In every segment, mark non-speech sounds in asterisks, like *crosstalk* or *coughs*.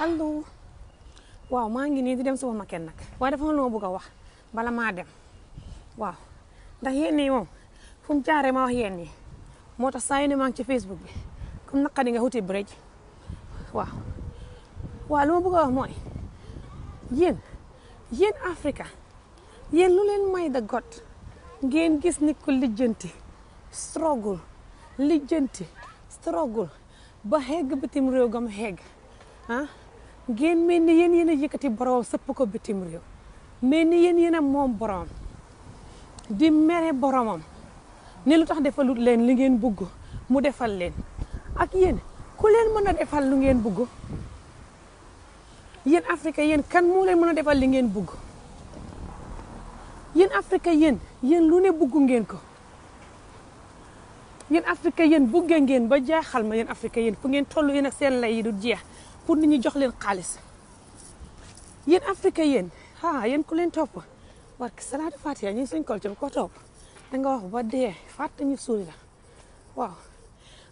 allo waaw maa ngi nii di dem supermarché nag waaye dafa am lu ma bëgg wax bala maa dem waaw ndax yéen ñi moom jaaree ma wax yéen moo tax saa maa ngi ci Facebook bi comme naka di nga wuti bridge waaw waaw lu ma bëgg mooy yéen yéen Africa yéen lu leen may da got ngeen gis nit lijjanti struggle lijjanti struggle ba xegg bitim réew gam xegg ah? ngeen mel ni yéen yéen a yëkkati boroom sëpp ko bitim réew mel ni yéen yéen a moom boroom di mere boromam ne lu tax defalut leen li ngeen bugg mu defal leen ak yéen ku leen mën a defal lu ngeen bugg yéen Afrique yéen kan leen mën a defal li ngeen bugg yéen Afrique yéen yéen lu ne bugg ngeen ko yéen Afrique yéen bugge ngeen ba jaaxal ma yéen Afrique yen fu ngeen toll yéen ak seen lay yi du jeex pour nit ñi jox leen xaalis yéen Afrique yéen ah yéen ku leen topp war ki salaatu fatiha ñun suñ culture ko topp da nga wax ba dee fàtte ñu suul la waaw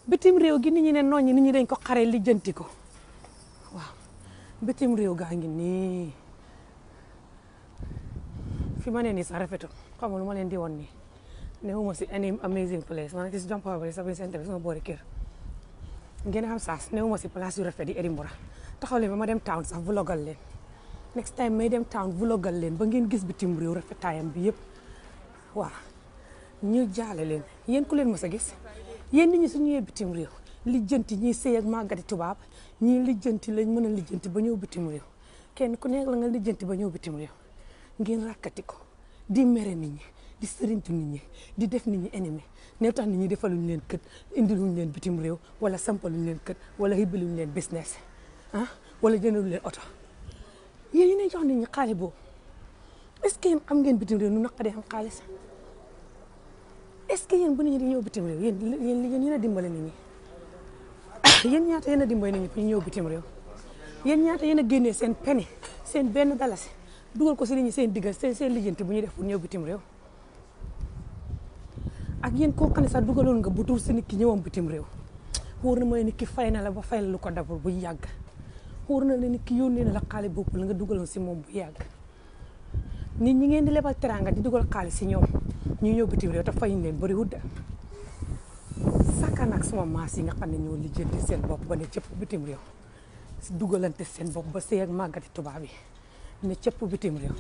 bitim réew gi ni ñi ne noonu ni ñi dañ ko xaree lijjanti ko waaw bitim réew gaa ngi nii fi ma ne nii sax rafetul xam lu ma leen di woon nii ne ma si any amazing place ma ne si John Power bi sama boori kër. ngeen am saas néew ma si place yu rafet yi Edinburgh taxaw leen ba ma dem town sax vlogal leen next time may dem town vlogal leen ba ngeen gis bitim réew rafetaayam bi yëpp waaw ñu jaale leen yéen ku leen mës a gis yéen nit ñi su ñëwee bitim réew lijjanti ñiy sëy ak màggati tubaab ñii lijjanti lañ mën a lijjanti ba ñëw bitim réew kenn ku nekk la nga lijjanti ba ñëw bitim réew ngeen rakkati ko di mere nit ñi di sëriñtu nit ñi di def nit ñi ennemi ne tax nit ñi defaluñ leen kët indiluñ leen bitim réew wala sampaluñ leen kët wala hibbiluñ leen business ah wala jëndaluñ leen oto yéen ñu ne jox nit ñi xaalis boobu est-ce que am ngeen bitim réew nu naqadee xaalis est-ce que yéen bu nit ñi di ñëw bitim réew yéen yéen yéen a dimbale nit ñi *coughs* yéen ñaata yéen a dimbale nit ñi pour ñu ñëw bitim réew yéen ñaata yéen a génnee seen peni seen benn dalasi dugal ko si nit ñi seen diggal seen seen lijjanti bu ñuy def pour ñëw bitim réew yéen koo xam ne sax dugaloon nga bu tur si ki ñëwam bitim réew wóor na ma nit fay na la ba fay la lu ko dabal bu yàgg wóor na la ki yónnee na la xaalis bopp nga dugaloon si moom bu yàgg nit ñi ngeen di lebal teranga di dugal xaalis si ñoom ñu ñëw bitim réew te fayuñ leen bëri wut sakkan ak sama maas yi nga xam ne ñoo lijjanti seen bopp ba ne cëpp bitim réew dugalante seen bopp ba sëy màggati tubaab yi ne cëpp bitim réew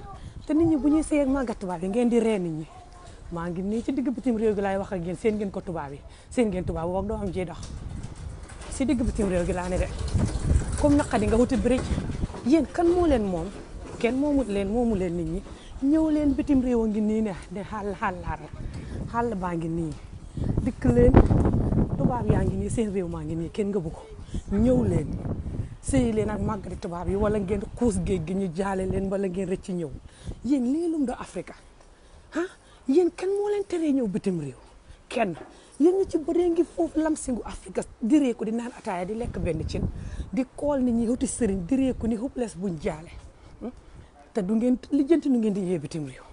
te nit ñi bu ñuy sëy ak màggati tubaab yi ngeen di ree nit ñi maa ngi nii ci digg bitim réew gi laay wax ak yéen seen ngeen ko tubaab yi seen ngeen tubaab woog doo am ciy dox si digg bitim réew gi laa ne de comme naqadi nga wuti birij yéen kan moo leen moom kenn moomut leen moomu leen nit ñi ñëw leen bitim réew a ngi nii ne de xàll xàll xàll baa ngi ni dikk leen tubaab yaa ngi nii seen réew maa ngi ni kenn nga bu ko ñëw leen sëyi leen ak màggati tubaab yi wala ngeen xuus géej gi ñu jaale leen wala ngeen rëcc ñëw yéen lii lum do Afrique yéen kenn moo leen teree ñëw bitim réew kenn yéen ñu ci bëree ngi foofu lamsingu Afrique di réeku di naan ataaya di lekk benn cin di kool nit ñi xuti sëriñ di réeku ni xuples buñ jaale hmm? te du ngeen lijjanti nu ngeen di ñëwee bitim réew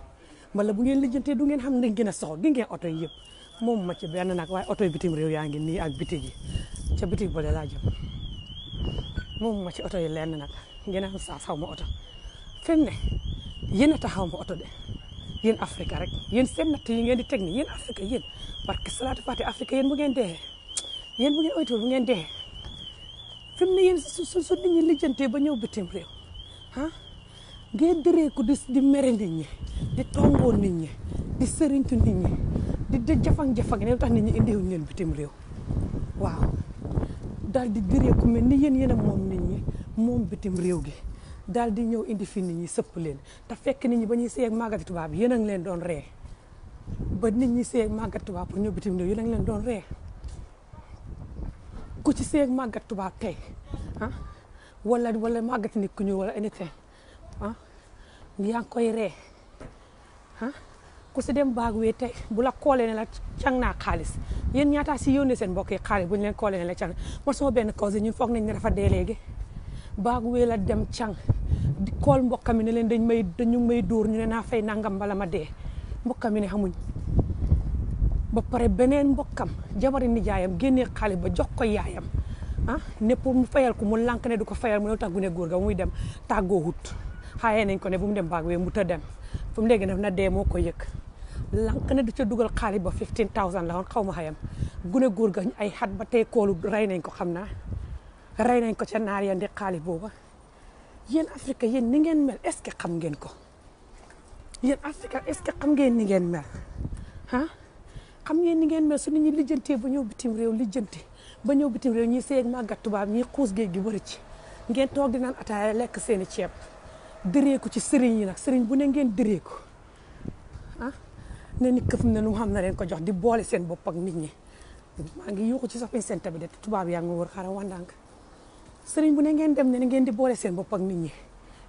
wala bu ngeen lijjantee du ngeen xam ne gën a soxla gi ngeen oto yi yëpp moom ma ci benn nag waaye oto yi bitim réew yaa ngi nii ak biti ji ca biti boole laa jëm moom ma ci oto yi lenn nag ngeen a xam saa xaw ma oto fi mu ne yéen a taxaw ma oto de yéen Afrique rek yéen seen natt yi ngeen di teg nii yéen Afrique yéen parce que salaatu fàtte Afrique yéen ngeen dee yéen bu ngeen oytuwul bu ngeen dee fi mu ne yéen su su nit ñi lijjantee ba ñëw bitim réew ah ngeen dëree ko di di mere nit ñi di tongoo nit ñi di sëriñtu nit ñi di di jafang-jafang ne tax nit ñi indiwuñ leen bitim réew waaw daal di dëree ko ni yéen yéen a moom nit ñi moom bitim réew gi daal di ñëw indi fi nit ñi sëpp leen te fekk ni ñi ba ñuy seeg màggati tubaab yéen leen doon ree ba nit ñi seeg màggati tubaab pour ñëw bitim réew yéen leen doon ree ku ci seeg màggati tubaab tey ah wala wala màggati nit ku ñuul wala anything ah, yaa ngi koy ree ah ku si dem baag wee tey bu la koolee ne la càng naa xaalis yéen ñaataa si yónnee seen mbokk yi xaalis bu ñu leen koolee ne la càng man sama benn cause ñu foog nañ ne dafa dee léegi baag wee la dem càng kool mbokkam mi ne leen dañ may dañu may dóor ñu ne naa fay nangam bala ma dee mbokkam mi ne xamuñ ba pare beneen mbokkam jabari nijaayam génnee xaalis ba jox ko yaayam ah ne pour mu fayal ko mu lànk ne du ko fayal mu ne tax gune góor ga muy dem tàggoo wut xaayee nañ ko ne bu mu dem baag wee mu ta dem fu mu léegi nag na dee moo ko yëg lànk ne du ca dugal xaalis ba 15000 la woon xaw ma xayam gune góor ga ay xat ba tey koolu rey nañ ko xam naa rey nañ ko ca naar ya booba yéen Afrique yéen ni ngeen mel est-ce que xam ngeen ko yéen Afrique est-ce que xam ngeen ni ngeen mel ah xam ngeen ni ngeen mel su nit ñi lijjantee ba ñëw bitim réew lijjanti ba ñëw bitim réew ñi seeg màggat tubaab ñi xuus géej gi bëri ci ngeen toog di naan ataaya lekk seeni i ceeb dëree ko ci sëriñ yi nag sëriñ bu ne ngeen dëree ko ah ni këf na nu xam na leen ko jox di boole seen bopp ak nit ñi maa ngi yuuxu ci sax seen bi de tubaab yaa ngi wër xaaral wàndaang sëriñ bu ne ngeen dem ne ngeen di boole seen bopp ak nit ñi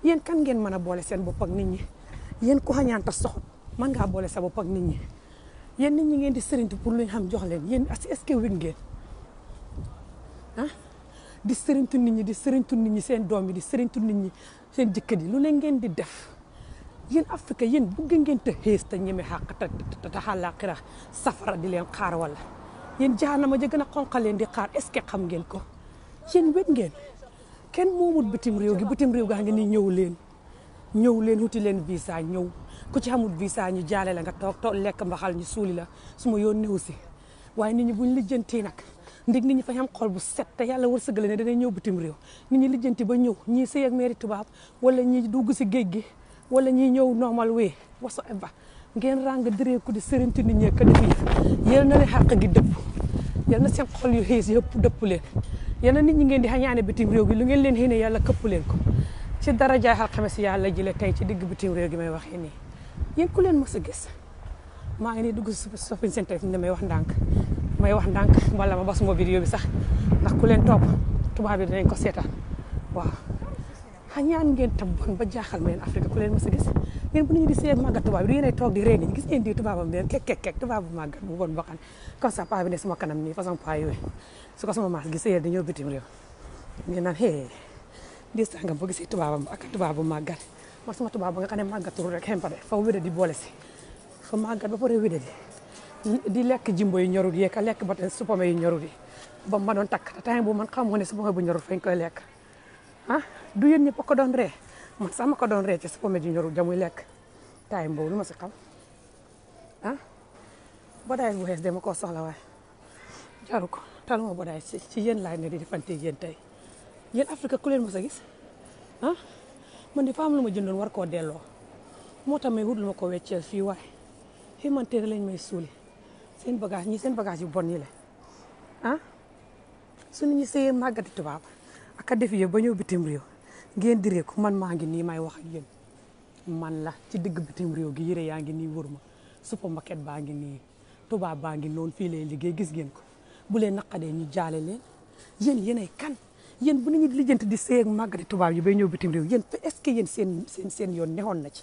yéen kan ngeen mën a boole seen bopp ak nit ñi yéen ku xañaan ta soxot manga ngaa boole sa bopp ak nit ñi yéen nit ñi ngeen di sëriñtu pour luñ xam jox leen yéen est-ce que wég ngeen ah di sëriñtu nit ñi di sëriñtu nit ñi seen doom yi di sëriñtu nit ñi seen jëkkër yi lu ne ngeen di def yéen Afrique yéen bëgg ngeen te xees te ñeme xàq te te xàllaaxira safara di leen xaar wala yéen jaanama ja gën a xonqaleen di xaar est-ce xam ngeen ko. yéen wét ngeen kenn moomut bitim réew gi bitim réew gaa ngi ni ñëw leen ñëw leen wuti leen visa ñëw ku ci xamul visa ñu jaale la nga toog toog lekk mbaxal ñu suuli la su ma yoon néew si waaye nit ñi buñ lijjantee nag ndig ni ñi fa am xol bu set te yàlla wërsëgale ne danay ñëw bitim réew nit ñi lijjanti ba ñëw ñii sëy ak meeri tubaab wala ñii dugg si géej gi wala ñii ñëw normal wee waso eba ngeen ràng dëree ku di sëriñti nit ñi ka def yi yal na leen seen xol yu xiis yëpp dëpp leen yéen nit ñi ngeen di xañaane bitim réew gi lu ngeen leen xéene yàlla këpp leen ko ci darajaay alxames yàlla jële tey ci digg bitim réew gi may waxee nii yéen ku leen mos a gis maa ngi nii dugg si shopping center fi may wax ndànk may wax ndànk wala ma ba suma vidéo bi sax ndax ku leen topp tubaab bi dinañ ko seetaan waaw xañaan ngeen tab bon ba jaaxal ma leen Afrique ku leen mos a gis yéen bu ñu di seen màggat tubaab bi yéenay toog di reen gis ngeen di tubaabam bi kek kek kek tubaab bu bu bon bakkan comme ça paa ne sama kanam nii façon paa yooyu su ko sama maas gisee yéen dañoo bitim réew mais naan hee di sàngam boo gisee tubaabam ak tubaab bu màggat man sama tubaab ba nga xam ne màggatul rek xëy na fa wéda di boole si fa màggat ba pare wéda di di lekk jimbo yi ñorul yeeg lekk ba tey supame yi ñorul yi ba ma doon takk te temps bu man xamoo ne supame bu ñorul fañ koy lekk ah du yéen ñëpp ko doon ree man sax ma ko doon ree ci su pomme ji ñorul jamuy lekk taay mboobu lu ma si xam ah bu xees de ma koo soxla waaye jaru ko taluma bodaay ci ci yéen laay ne di defante yéen tey yéen Afrique ku leen mos a gis ah? man di fa lu ma jëndoon war ko delloo moo tax may wut lu ma ko wecceel fii waaye ximanteer lañ may suuli seen bagage ñi seen bagage bu bon yi la ah su ñu sëyee màggati tubaab ak a def yëpp ba ñëw bitim réew ngeen di reeku man maa ngi nii may wax ak yéen man la ci digg bitim réew gi yére yaa ngi nii wër ma supermarket baa ngi nii tubaab baa ngi noonu fii lay liggéey gis ngeen ko bu leen naqadee ñu jaale leen yéen yéenay kan yéen bu nañu lijjanti di seeg màggati tubaab yi bay ñëw bitim réew yéen est ce que yéen seen seen nexoon na ci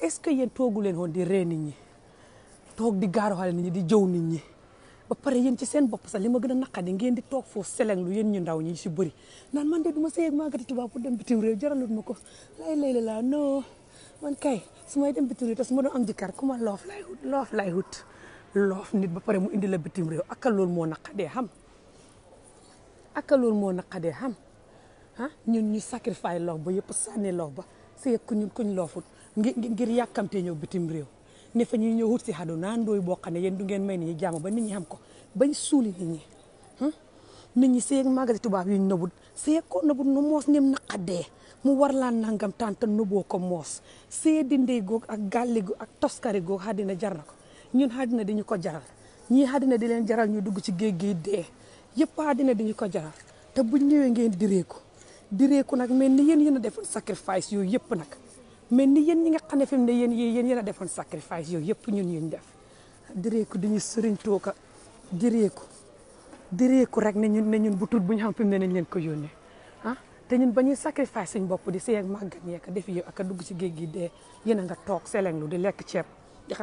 est ce que yéen toogu leen woon di ree nit ñi toog di gaaruxale nit ñi di jëw nit ñi ba pare yéen ci seen bopp sax li ma gën a naqadi ngeen di toog foofu selenglu yéen ñu ndaw ñi si bëri naan man de du ma sëy ak màggati tubaab pour mu bitim réew jaralut ma ko lay lay la laa non man kay su may dem bitim réew te su ma doon am jëkkër ku ma loof lay wut loof lay wut loof nit ba pare mu indi la bitim réew aka loolu moo naqadee xam aka loolu moo naqadee xam ah ñun ñu sacrifice loof ba yëpp sànni loof ba sëy ak ku ñun kuñ loofut ngir yàkkamtee ñoo bitim réew ne fa ñuy ñëw wut si xadu naan ndooy boo xam ne yéen du ngeen may nit ñi jàmm ba nit ñi xam ko bañ suuli ni ñi nit ñi seeg magasins tubaab yi ñu nëbut seeg ko nëbut nu moos nem dee mu war laa nangam tànta nëboo ko moos see dindey goog ak gàlli goog ak toskari goog xaddina jar na ko ñun xaddina di ñu ko jaral ñii xaddina di leen jaral ñu dugg ci géej gi dee yëpp xaddina di ñu ko jaral te buñ ñëwee ngeen di direeku direeku nag meen ni yéen yéen a def sacrifice yooyu yëpp nag mais ni yéen ñi nga xam ne fi ne yéen yéen yéen a defoon sacrifice yooyu yëpp ñun ñu def direeku ñu sëriñ tooka direeku direeku rek ne ñun ne ñun bu tuut bu ñu xam fi mu ne nañ leen ko yónnee ah te ñun ba ñuy sacrifice suñ bopp di seeg màggat ñeeka def yow dugg ci géej gi dee yéen a nga toog selenglu di lekk ceeb di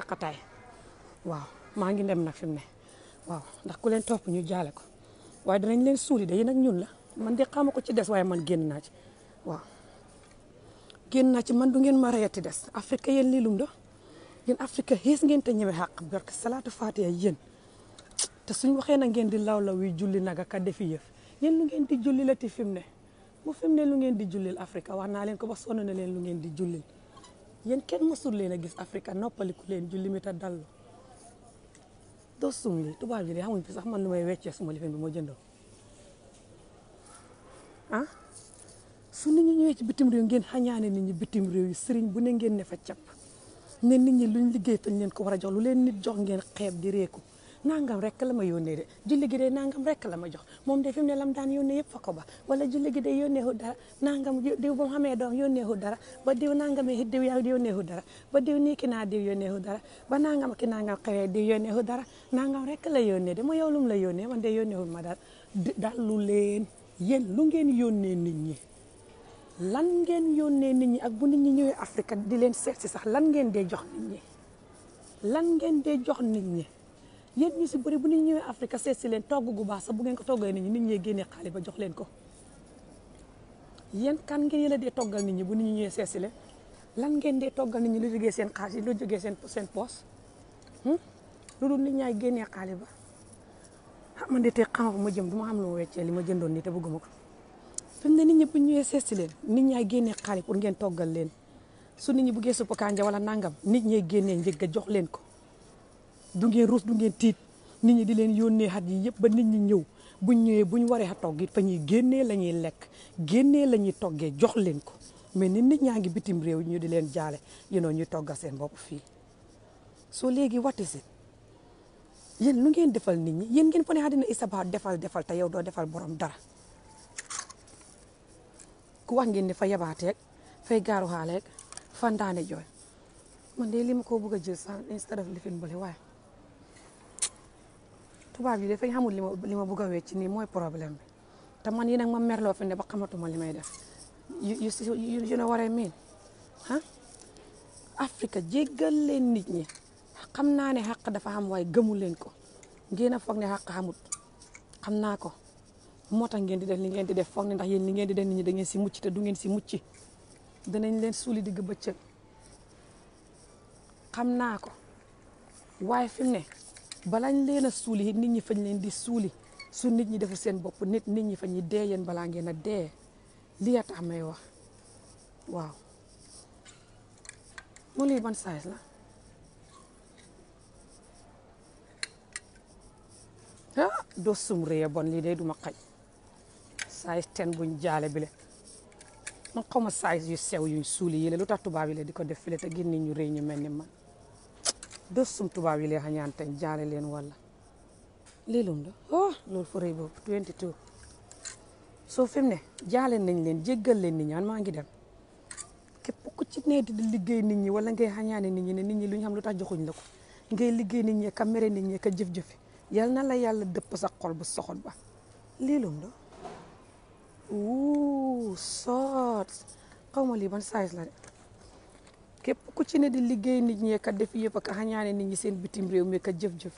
waaw maa ngi dem nag fi ne waaw ndax ku leen topp ñu jaale ko waaye danañ leen suuli de yéen ñun la man de xamu ko ci des waaye man génn naa ci waaw génn naa ci man du ngeen ma ti des Afrique yéen lii lum la yéen Afrique xiis ngeen te ñeme xàq barke salaatu faatiha yéen te suñ waxee na ngeen di law law julli naga ka defi yëf yéen lu ngeen di julli la ti fi mu ne bu fi ne lu ngeen di jullil Afrique wax naa leen ko ba sonn na leen lu ngeen di jullil yéen kenn mësul leen a gis Afrique noppaliku leen julli mi ta dallu doo sum li tubaab yi de xamuñ fi sax man lu may weccee suma lifin bi moo jëndoo ñëwee ci bitim réew ngeen xañaane nit ñi bitim réew yi sëriñ bu ne ngeen ne fa cap ne nit ñi luñ liggéey tañ leen ko war a jox lu leen nit jox ngeen xeeb di réeku nangam rek la ma yónnee de julli gi rek la ma jox moom de ne lam daan yëpp fa ko ba wala julli gi de yónneehu dara nangam diw ba xamee doom yónneehu dara ba diw nangamee diw yaa yónneehu dara ba diw nii naa diw yónneehu dara ba nangam ki nangam xewee diw yónneehu dara nangam rek la yónnee de ma yow lum la yónnee man de yónneehu ma dara dalu leen yéen lu ngeen yónnee nit ñi lan ngeen yónnee nit ñi ak bu nit ñi ñëwee Afrique di leen seet si sax lan ngeen dee jox nit ñi lan ngeen dee jox nit ñi yéen ñu si bëri bu nit ñi ñëwee Afrique seet si leen togg gu baax sax bu ko toggee nit ñi nit ñee génnee ba jox leen ko yéen kan ngeen yéen a dee toggal nit ñi bu nit ñi ñëwee seet si leen lan ngeen dee toggal nit ñi lu jógee seen xaalis lu jógee seen seen poos hmm? lu dul nit ñaay génnee xaalis ba ah man de tey xam ma jëm du ma xam lu ma weccee li ma jëndoon nii te bëgguma ko. fi mu ne nit ñi bu ñëwee sees si leen nit ñaa génne xaali pour ngeen toggal leen su ni ñi buggee suppu kànja wala nangam nit ñi génnee njëgg a jox leen ko du ngeen ruus du ngeen tiit nit ñi di leen yónnee xat yi yëpp ba nit ñi ñëw buñ ñëwee buñ waree a fa ñuy génnee la ñuy lekk génnee la ñuy toggee jox leen ko mais nit nit ñaa ngi bitim réew ñu di leen jaale yéen ñuy toggal seen bopp fii soo léegi wati si yéen lu ngeen defal nit ñi yéen ngeen fa ne àddina isa ba defal defal te yow doo defal boroom dara ku wax ngeen ne fa yabaateeg fay gaaru xaaleeg fandaane jooy man de li ma koo bëgg a jël sax instead of lifin bële waaye tubaab yi dafay xamul li ma li ma bëgg a wecc nii mooy problème bi te man yi nag ma merloo fi ne ba xamatuma li may def yu yu ne waree miin ah Afrique jéggal leen nit ñi xam naa ne xàq dafa am waaye gëmu leen ko ngeen a foog ne xàq xamut xam naa ko. moo tax ngeen di def li ngeen di def foog ne ndax yéen li ngeen di def nit ñi da ngeen si mucc te du si mucc danañ leen suuli digg bëccëg xam naa ko waaye fim ne balañ leen a suuli nit ñi fañ leen di suuli su nit ñi defu seen bopp nit nit ñi fa ñi dee yéen balaa ngeen a dee li a tax may wax waaw mu lii ban size la ah doo sum rëy a bon lii day duma xaj size ten bu jaale bile man xaw ma size yu sew yu suuli yi la lu tax tubaab yi la di ko def file te génne ñu rëy ñu mel ni man dos sum tubaab yi la xañaan teñ jaale leen walla lii lum la oh loolu fa rëy boobu 22 soo fi mu ne jaale nañ leen jéggal leen nit ñi maa ngi dem képp ku ci ne di liggéey nit ñi walla ngay xañaane nit ñi ne nit ñi lu ñu xam lu tax joxuñ la ko ngay liggéey nit ñi ka mere nit ñi ka jëf-jëfi yal na la yàlla dëpp sa xol bu soxot ba ouh soot xaw ma lii ban size la de képp ku ci di liggéey nit ñi kat def yëpp ak xañaane nit ñi seen bitim réew mi kat jëf-jëf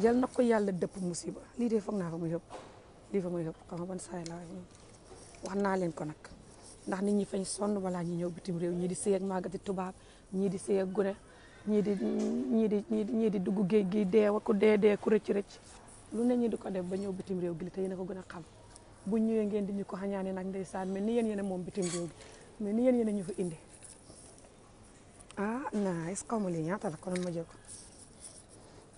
yal na ko yàlla dëpp musiba lii de foog naa fa muy yëpp lii fa ma yëpp xaw ma ban size la wax naa leen ko nag ndax nit ñi fañ sonn balaa ñi ñëw bitim réew ñii di sëy ak màggati tubaab ñi di sëy ak gune ñii di ñii di ñii di dugg géej gi dee wa ku dee dee ku rëcc rëcc lu ne ñi di ko def ba ñëw bitim réew gi li te yéen a ko gën a xam bu ñëwee ngeen di ñu ko xañaane nag ndeysaan mais ni yen yéen a moom bitim réew bi mais ni yéen yéen a ñu fa indi ah, ñaata la konoon ma jël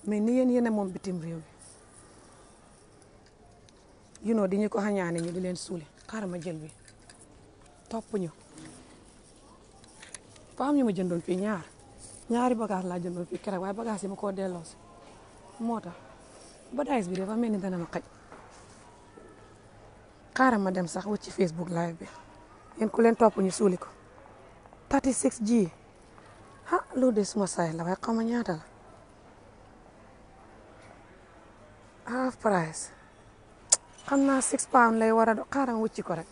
ni yéen yéen moom bitim réew bi you di ñu ko xañaane ñu di leen suule xaaral ma jël bi topp ñu faam ñu ma jëndoon fii ñaar ñaari bagage laa jëndoon fii keroog waaye bagage yi ma koo delloosi moo tax ba daayis bi dafa mel ni dana ma xaj xaaral ma dem sax wut ci Facebook live bi yéen ku leen topp ñu suuli ko 36 ji ah loolu de suma saay la waaye xaw ma ñaata la half price xam naa 6 pound lay war a do xaaral ma ko rek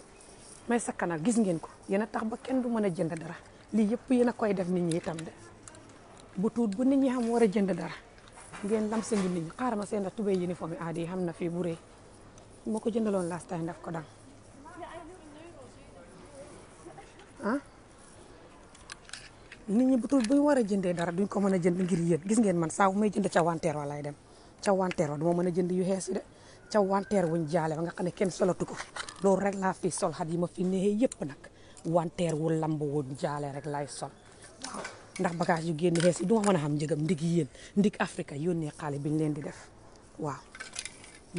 may na gis ngeen ko yéen a tax ba kenn du mën a jënd dara lii yëpp yéen a koy def nit ñi itam de bu tuut bu nit ñi xam war a jënd dara ngeen lam sa ngi nit ñi xaaral ma seen a tubéy uniforme yi aadi yi xam na fii bu rëy moo ko jëndaloon last time daf ko daan ah nit bu tul buñ war a jëndee dara duñ ko mën a jënd ngir yéen gis ngeen man saa bu may jënd ca wanteer wa lay dem ca wanteer wa duma mën a jënd yu xees de ca wanteer wuñ jaale ba nga xam ne kenn solatu ko loolu rek laa fi sol xat yi ma fi neexee yëpp nag wanteer wu lamb wu jaale rek lay sol waaw ndax bagage yu génn xees yi duma mën a xam njëgam ndig yéen ndig Afrique yónnee xaalis biñ leen di def waaw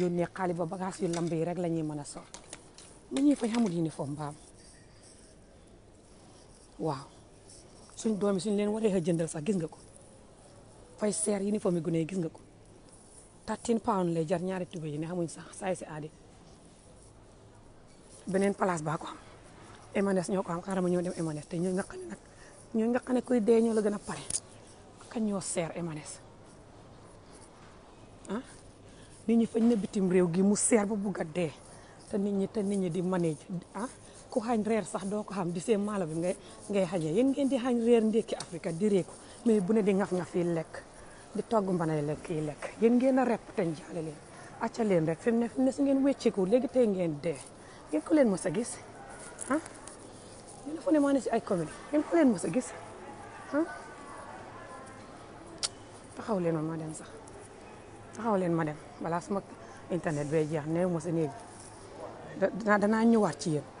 yónnee xaalis ba bagage yu lamb yi rek la ñuy mën a sol lu ñuy fay xamul uniforme baam waaw suñ doomi suñ leen waree a jëndal sax gis nga ko fay seer uniforme yi gune yi gis nga ko thirteen pound lay jar ñaari tubé yi ne xamuñ sax saay si aadi beneen palace baa ko am Emanes ñoo ko am xaaral ma ñëw dem Emanes te ñoo nga xam ne nag ñoo nga xam ne kuy dee ñoo la gën a pare kañ ñoo seer Emanes ah nit ñi fañ na bitim réew gi mu seer ba bugg a dee te nit ñi te nit ñi di manage ah, ku xañ reer sax doo ko xam di seen maalo bi nga ngay xañee yéen ngeen di xañ reer ndékki Afrique di réeku mais bu ne di ngaf ngaf yi lekk di togg mbanay na yi lekk yéen ngeen a rep te njaale leen acca leen rek fi mu ne fi ne su ngeen wécceeku léegi tey ngeen dee ngeen ko leen mos sa gis ah ñu ne ne maa ne si ay commune ngeen ko leen mos sa gis ah taxaw leen ma ma dem sax taxaw leen ma dem balaa suma internet bay jeex néew ma sa néeg danaa ñëwaat ci yéen.